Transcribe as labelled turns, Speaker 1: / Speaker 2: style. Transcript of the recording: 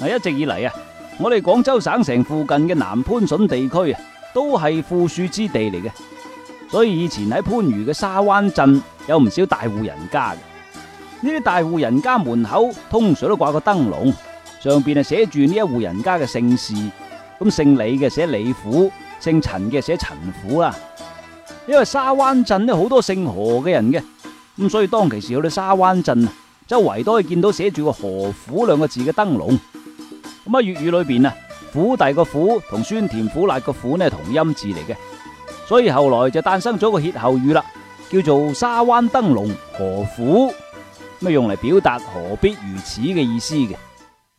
Speaker 1: 嗱，一直以嚟啊，我哋廣州省城附近嘅南番順地區啊，都係富庶之地嚟嘅，所以以前喺番禺嘅沙灣鎮有唔少大戶人家嘅。呢啲大戶人家門口通常都掛個燈籠，上邊啊寫住呢一戶人家嘅姓氏，咁姓李嘅寫李府，姓陳嘅寫陳府啊。因為沙灣鎮咧好多姓何嘅人嘅，咁所以當其時去到沙灣鎮啊，周圍都可以見到寫住個何府兩個字嘅燈籠。乜粵語裏邊啊,府第個府同酸甜苦辣個苦呢，同音字嚟嘅，所以後來就誕生咗個歇後語啦，叫做沙灣燈籠何苦，咁啊用嚟表達何必如此嘅意思嘅。